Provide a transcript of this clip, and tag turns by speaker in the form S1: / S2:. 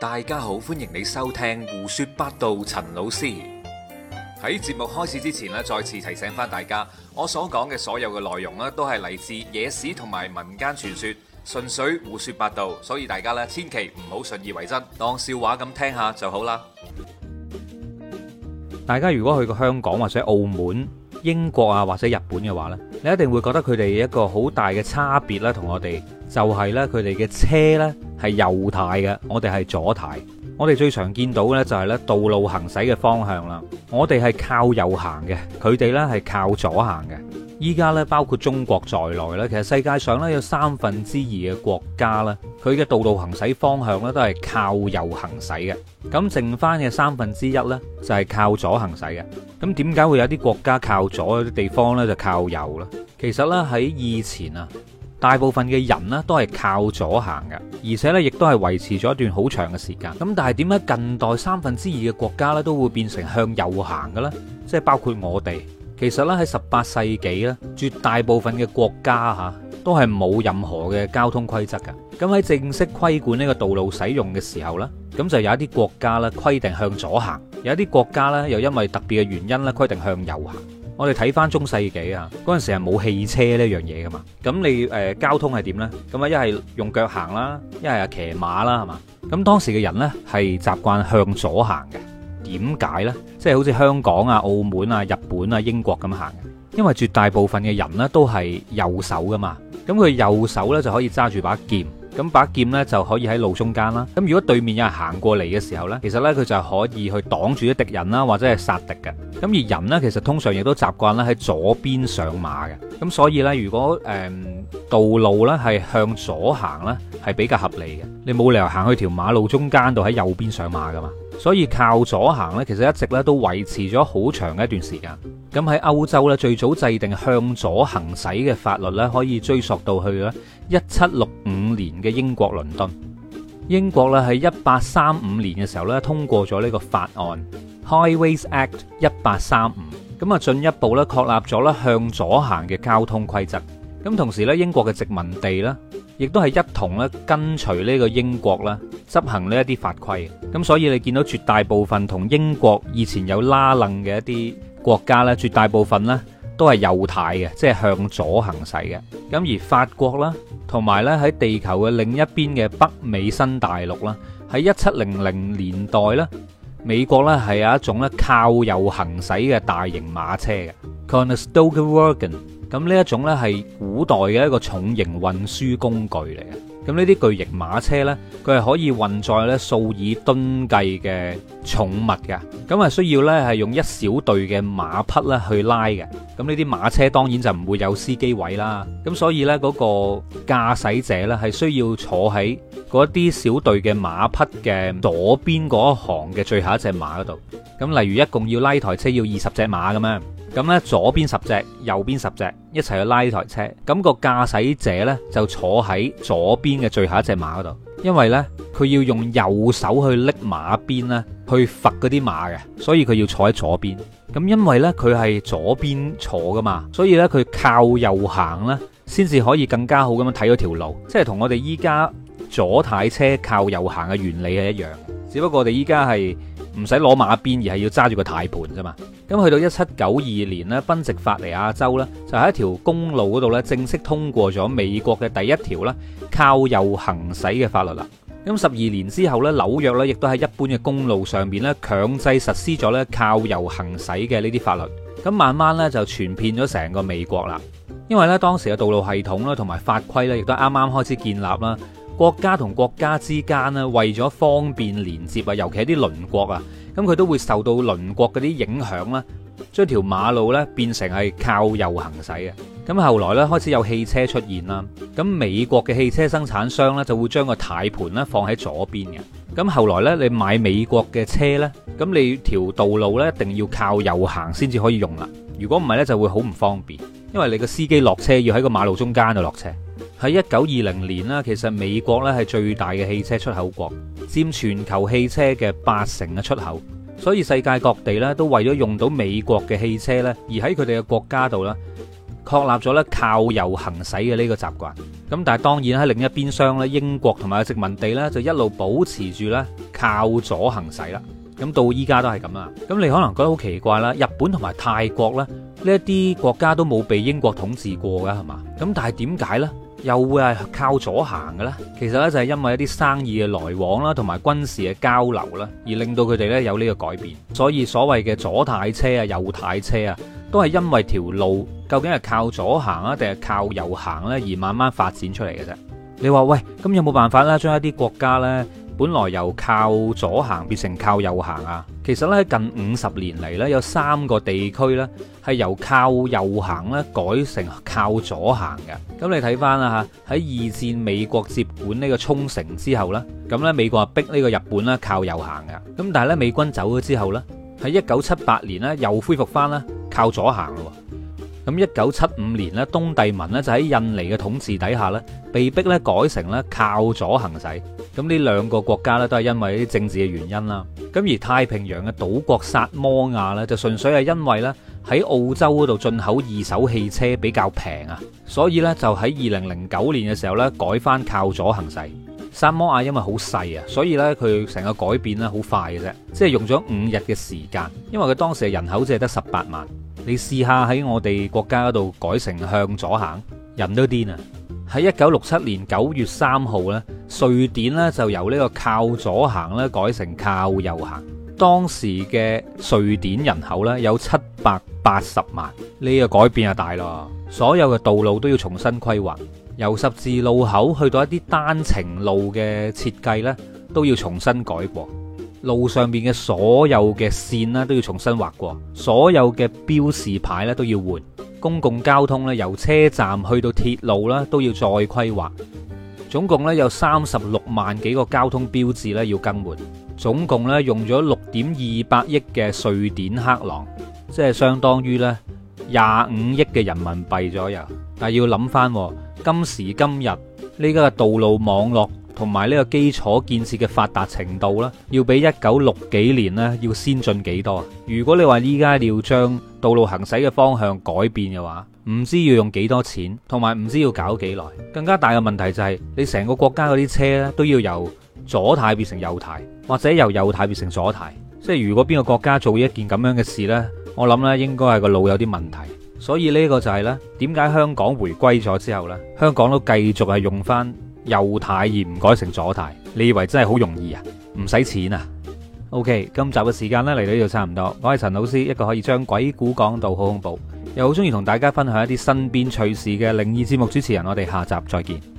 S1: 大家好，歡迎你收聽胡說八道。陳老師喺節目開始之前咧，再次提醒翻大家，我所講嘅所有嘅內容咧，都係嚟自野史同埋民間傳說，純粹胡說八道，所以大家咧千祈唔好信以為真，當笑話咁聽下就好啦。大家如果去過香港或者澳門、英國啊或者日本嘅話咧，你一定會覺得佢哋一個好大嘅差別啦，同我哋就係咧佢哋嘅車咧。係右舵嘅，我哋係左舵。我哋最常見到呢就係呢道路行駛嘅方向啦。我哋係靠右行嘅，佢哋呢係靠左行嘅。依家呢，包括中國在內呢，其實世界上呢有三分之二嘅國家呢，佢嘅道路行駛方向呢都係靠右行駛嘅。咁剩返嘅三分之一呢，就係靠左行駛嘅。咁點解會有啲國家靠左，有啲地方呢就靠右咧？其實呢，喺以前啊，大部分嘅人呢都係靠左行嘅，而且呢亦都係維持咗一段好長嘅時間。咁但係點解近代三分之二嘅國家呢都會變成向右行嘅咧？即係包括我哋。其實咧喺十八世紀咧，絕大部分嘅國家吓都係冇任何嘅交通規則嘅。咁喺正式規管呢個道路使用嘅時候呢，咁就有一啲國家咧規定向左行，有一啲國家呢又因為特別嘅原因咧規定向右行。我哋睇翻中世紀啊，嗰陣時係冇汽車呢樣嘢噶嘛，咁你誒、呃、交通係點呢？咁啊一係用腳行啦，一係啊騎馬啦，係嘛？咁當時嘅人呢係習慣向左行嘅，點解呢？即係好似香港啊、澳門啊、日本啊、英國咁行嘅，因為絕大部分嘅人呢都係右手噶嘛，咁佢右手呢就可以揸住把劍。咁把劍呢就可以喺路中間啦。咁如果對面有人行過嚟嘅時候呢，其實呢，佢就可以去擋住啲敵人啦，或者係殺敵嘅。咁而人呢，其實通常亦都習慣呢喺左邊上馬嘅。咁所以呢，如果誒、嗯、道路呢係向左行呢，係比較合理嘅。你冇理由行去條馬路中間度喺右邊上馬噶嘛。所以靠左行咧，其實一直咧都維持咗好長一段時間。咁喺歐洲咧，最早制定向左行駛嘅法律咧，可以追溯到去咧一七六五年嘅英國倫敦。英國咧喺一八三五年嘅時候咧通過咗呢個法案 Highways Act 一八三五，咁啊進一步咧確立咗咧向左行嘅交通規則。咁同時咧，英國嘅殖民地咧。亦都係一同咧跟隨呢個英國啦，執行呢一啲法規嘅。咁所以你見到絕大部分同英國以前有拉楞嘅一啲國家咧，絕大部分咧都係右軚嘅，即係向左行駛嘅。咁而法國啦，同埋咧喺地球嘅另一邊嘅北美新大陸啦，喺一七零零年代咧，美國咧係有一種咧靠右行駛嘅大型馬車嘅。咁呢一種呢，係古代嘅一個重型運輸工具嚟嘅。咁呢啲巨型馬車呢，佢係可以運載咧數以噸計嘅重物嘅。咁啊需要呢，係用一小隊嘅馬匹啦去拉嘅。咁呢啲馬車當然就唔會有司機位啦。咁所以呢，嗰個駕駛者呢，係需要坐喺嗰啲小隊嘅馬匹嘅左邊嗰一行嘅最後一隻馬嗰度。咁例如一共要拉台車要二十隻馬咁樣。咁咧，左邊十隻，右邊十隻，一齊去拉呢台車。咁個駕駛者呢，就坐喺左邊嘅最後一隻馬嗰度，因為呢，佢要用右手去拎馬鞭咧，去罰嗰啲馬嘅，所以佢要坐喺左邊。咁因為呢，佢係左邊坐噶嘛，所以呢，佢靠右行咧，先至可以更加好咁樣睇到條路，即係同我哋依家左軚車靠右行嘅原理係一樣，只不過我哋依家係。唔使攞馬鞭，而係要揸住個軚盤啫嘛。咁去到一七九二年呢，賓夕法尼亞州呢，就喺一條公路嗰度呢，正式通過咗美國嘅第一條呢靠右行駛嘅法律啦。咁十二年之後呢，紐約呢，亦都喺一般嘅公路上面呢，強制實施咗呢靠右行駛嘅呢啲法律。咁慢慢呢，就傳遍咗成個美國啦。因為呢，當時嘅道路系統呢同埋法規呢，亦都啱啱開始建立啦。國家同國家之間咧，為咗方便連接啊，尤其係啲鄰國啊，咁佢都會受到鄰國嗰啲影響啦，將條馬路咧變成係靠右行駛嘅。咁後來咧，開始有汽車出現啦，咁美國嘅汽車生產商咧就會將個軚盤咧放喺左邊嘅。咁後來咧你買美國嘅車咧，咁你條道路咧一定要靠右行先至可以用啦。如果唔係咧就會好唔方便，因為你個司機落車要喺個馬路中間度落車。喺一九二零年啦，其實美國咧係最大嘅汽車出口國，佔全球汽車嘅八成嘅出口。所以世界各地咧都為咗用到美國嘅汽車咧，而喺佢哋嘅國家度咧確立咗咧靠右行駛嘅呢個習慣。咁但係當然喺另一邊廂咧，英國同埋殖民地呢，就一路保持住咧靠左行駛啦。咁到依家都係咁啦。咁你可能覺得好奇怪啦，日本同埋泰國呢，呢啲國家都冇被英國統治過㗎，係嘛？咁但係點解呢？又會係靠左行嘅咧？其實呢，就係因為一啲生意嘅來往啦，同埋軍事嘅交流啦，而令到佢哋呢有呢個改變。所以所謂嘅左軚車啊，右軚車啊，都係因為條路究竟係靠左行啊，定係靠右行呢，而慢慢發展出嚟嘅啫。你話喂，咁有冇辦法呢？將一啲國家呢，本來由靠左行變成靠右行啊？其實咧，近五十年嚟咧，有三個地區咧係由靠右行咧改成靠左行嘅。咁你睇翻啦吓，喺二戰美國接管呢個沖繩之後呢，咁呢美國啊逼呢個日本咧靠右行嘅。咁但係咧，美軍走咗之後呢，喺一九七八年呢，又恢復翻啦靠左行咯。咁一九七五年呢，東帝汶呢就喺印尼嘅統治底下呢，被逼咧改成咧靠左行駛。咁呢兩個國家呢，都係因為啲政治嘅原因啦。咁而太平洋嘅島國薩摩亞呢，就純粹係因為呢喺澳洲嗰度進口二手汽車比較平啊，所以呢就喺二零零九年嘅時候呢改翻靠左行駛。薩摩亞因為好細啊，所以呢，佢成個改變呢好快嘅啫，即係用咗五日嘅時間，因為佢當時係人口淨係得十八萬。你試下喺我哋國家嗰度改成向左行，人都癲啊！喺一九六七年九月三號呢，瑞典呢就由呢個靠左行呢改成靠右行。當時嘅瑞典人口呢有七百八十萬，呢個改變就大喇，所有嘅道路都要重新規劃，由十字路口去到一啲單程路嘅設計呢都要重新改過。路上邊嘅所有嘅線啦，都要重新畫過；所有嘅標示牌咧都要換。公共交通咧，由車站去到鐵路啦，都要再規劃。總共咧有三十六萬幾個交通標誌咧要更換，總共咧用咗六點二百億嘅瑞典克朗，即係相當於咧廿五億嘅人民幣左右。但係要諗翻，今時今日呢個道路網絡。同埋呢個基礎建設嘅發達程度呢要比一九六幾年呢要先進幾多？如果你話依家要將道路行駛嘅方向改變嘅話，唔知要用幾多錢，同埋唔知要搞幾耐？更加大嘅問題就係、是、你成個國家嗰啲車呢都要由左軚變成右軚，或者由右軚變成左軚。即係如果邊個國家做一件咁樣嘅事呢，我諗呢應該係個腦有啲問題。所以呢個就係呢點解香港回歸咗之後呢，香港都繼續係用返。右軚而唔改成左軚，你以為真係好容易啊？唔使錢啊？OK，今集嘅時間咧嚟到呢度差唔多。我係陳老師，一個可以將鬼故講到好恐怖，又好中意同大家分享一啲身邊趣事嘅靈異節目主持人。我哋下集再見。